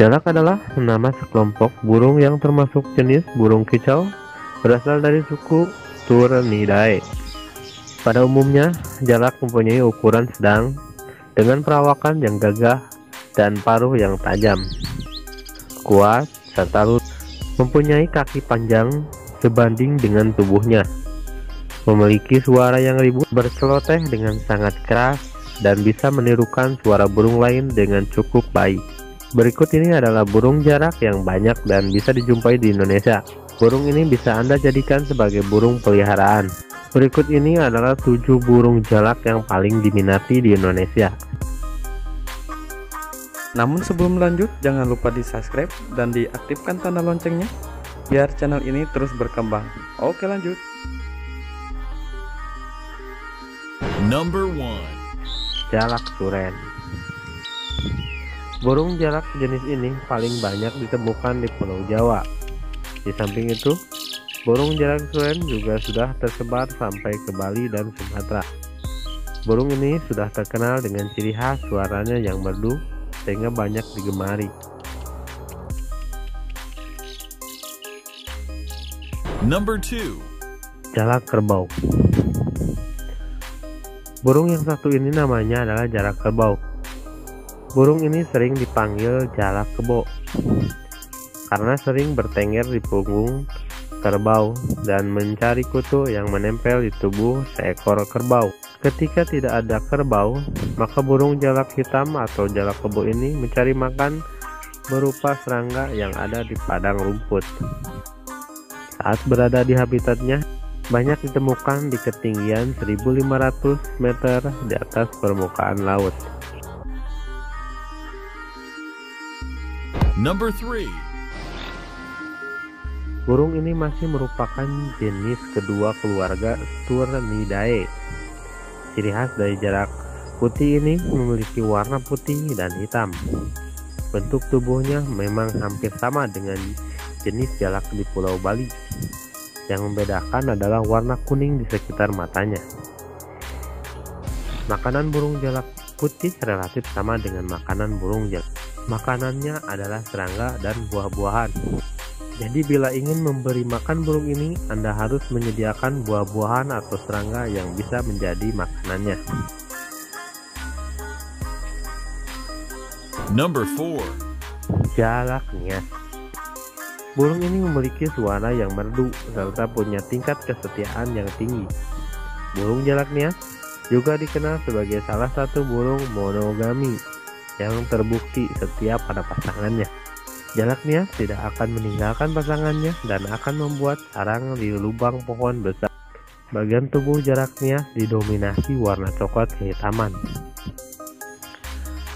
Jalak adalah nama sekelompok burung yang termasuk jenis burung kicau berasal dari suku Turanidae. Pada umumnya, jalak mempunyai ukuran sedang dengan perawakan yang gagah dan paruh yang tajam. Kuat serta lurus, mempunyai kaki panjang sebanding dengan tubuhnya. Memiliki suara yang ribut, berceloteh dengan sangat keras dan bisa menirukan suara burung lain dengan cukup baik. Berikut ini adalah burung jarak yang banyak dan bisa dijumpai di Indonesia. Burung ini bisa Anda jadikan sebagai burung peliharaan. Berikut ini adalah 7 burung jalak yang paling diminati di Indonesia. Namun sebelum lanjut, jangan lupa di subscribe dan diaktifkan tanda loncengnya biar channel ini terus berkembang. Oke lanjut. Number one. Jalak Suren Burung jarak jenis ini paling banyak ditemukan di Pulau Jawa. Di samping itu, burung jarak sulen juga sudah tersebar sampai ke Bali dan Sumatera. Burung ini sudah terkenal dengan ciri khas suaranya yang merdu sehingga banyak digemari. Number two, Jalak kerbau. Burung yang satu ini namanya adalah jarak kerbau. Burung ini sering dipanggil jalak kebo karena sering bertengger di punggung kerbau dan mencari kutu yang menempel di tubuh seekor kerbau. Ketika tidak ada kerbau, maka burung jalak hitam atau jalak kebo ini mencari makan berupa serangga yang ada di padang rumput. Saat berada di habitatnya, banyak ditemukan di ketinggian 1500 meter di atas permukaan laut. Number three. Burung ini masih merupakan jenis kedua keluarga Sturnidae. Ciri khas dari jarak putih ini memiliki warna putih dan hitam. Bentuk tubuhnya memang hampir sama dengan jenis jalak di Pulau Bali. Yang membedakan adalah warna kuning di sekitar matanya. Makanan burung jalak putih relatif sama dengan makanan burung jelek. Ya. Makanannya adalah serangga dan buah-buahan. Jadi bila ingin memberi makan burung ini, Anda harus menyediakan buah-buahan atau serangga yang bisa menjadi makanannya. Number 4. Jaraknya. Burung ini memiliki suara yang merdu serta punya tingkat kesetiaan yang tinggi. Burung jalaknya juga dikenal sebagai salah satu burung monogami yang terbukti setia pada pasangannya. Jalaknya tidak akan meninggalkan pasangannya dan akan membuat sarang di lubang pohon besar. Bagian tubuh jaraknya didominasi warna coklat kehitaman.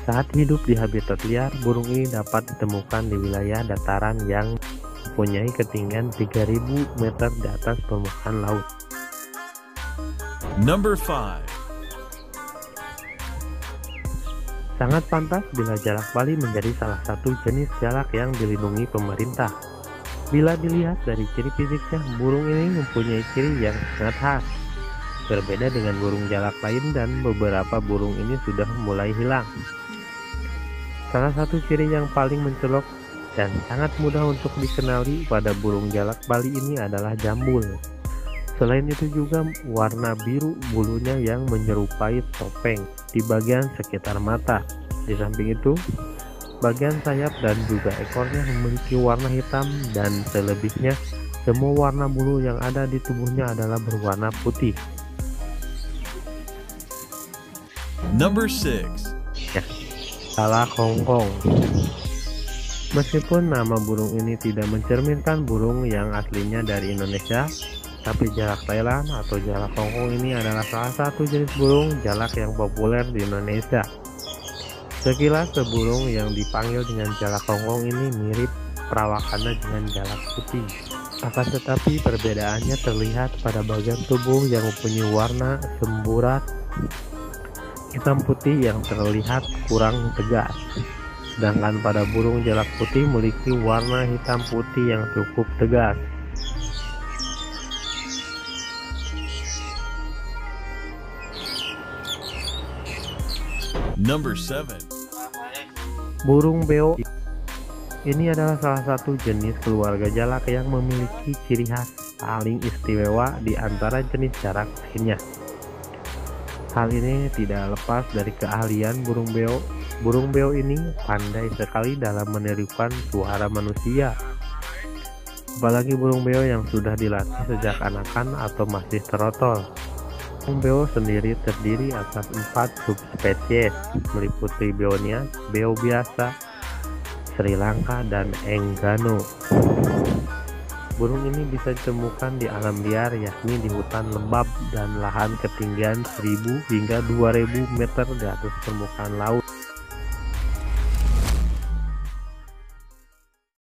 Saat hidup di habitat liar, burung ini dapat ditemukan di wilayah dataran yang mempunyai ketinggian 3000 meter di atas permukaan laut. Number 5 Sangat pantas bila jalak bali menjadi salah satu jenis jalak yang dilindungi pemerintah. Bila dilihat dari ciri fisiknya, burung ini mempunyai ciri yang sangat khas. Berbeda dengan burung jalak lain dan beberapa burung ini sudah mulai hilang. Salah satu ciri yang paling mencolok dan sangat mudah untuk dikenali pada burung jalak bali ini adalah jambul. Selain itu juga warna biru bulunya yang menyerupai topeng di bagian sekitar mata. Di samping itu, bagian sayap dan juga ekornya memiliki warna hitam dan selebihnya semua warna bulu yang ada di tubuhnya adalah berwarna putih. Number 6. Ya, Hongkong. Meskipun nama burung ini tidak mencerminkan burung yang aslinya dari Indonesia, tapi jalak Thailand atau jalak Hongkong ini adalah salah satu jenis burung jalak yang populer di Indonesia. Sekilas seburung yang dipanggil dengan jalak Hongkong ini mirip perawakannya dengan jalak putih. Akan tetapi perbedaannya terlihat pada bagian tubuh yang mempunyai warna semburat hitam putih yang terlihat kurang tegas. Sedangkan pada burung jalak putih memiliki warna hitam putih yang cukup tegas Number 7 Burung beo Ini adalah salah satu jenis keluarga jalak yang memiliki ciri khas paling istimewa di antara jenis jarak lainnya Hal ini tidak lepas dari keahlian burung beo. Burung beo ini pandai sekali dalam menirukan suara manusia. Apalagi burung beo yang sudah dilatih sejak anakan atau masih terotol. Beo sendiri terdiri atas empat subspesies meliputi Beonia, Beo biasa, Sri Lanka, dan Enggano. Burung ini bisa ditemukan di alam liar yakni di hutan lembab dan lahan ketinggian 1000 hingga 2000 meter di atas permukaan laut.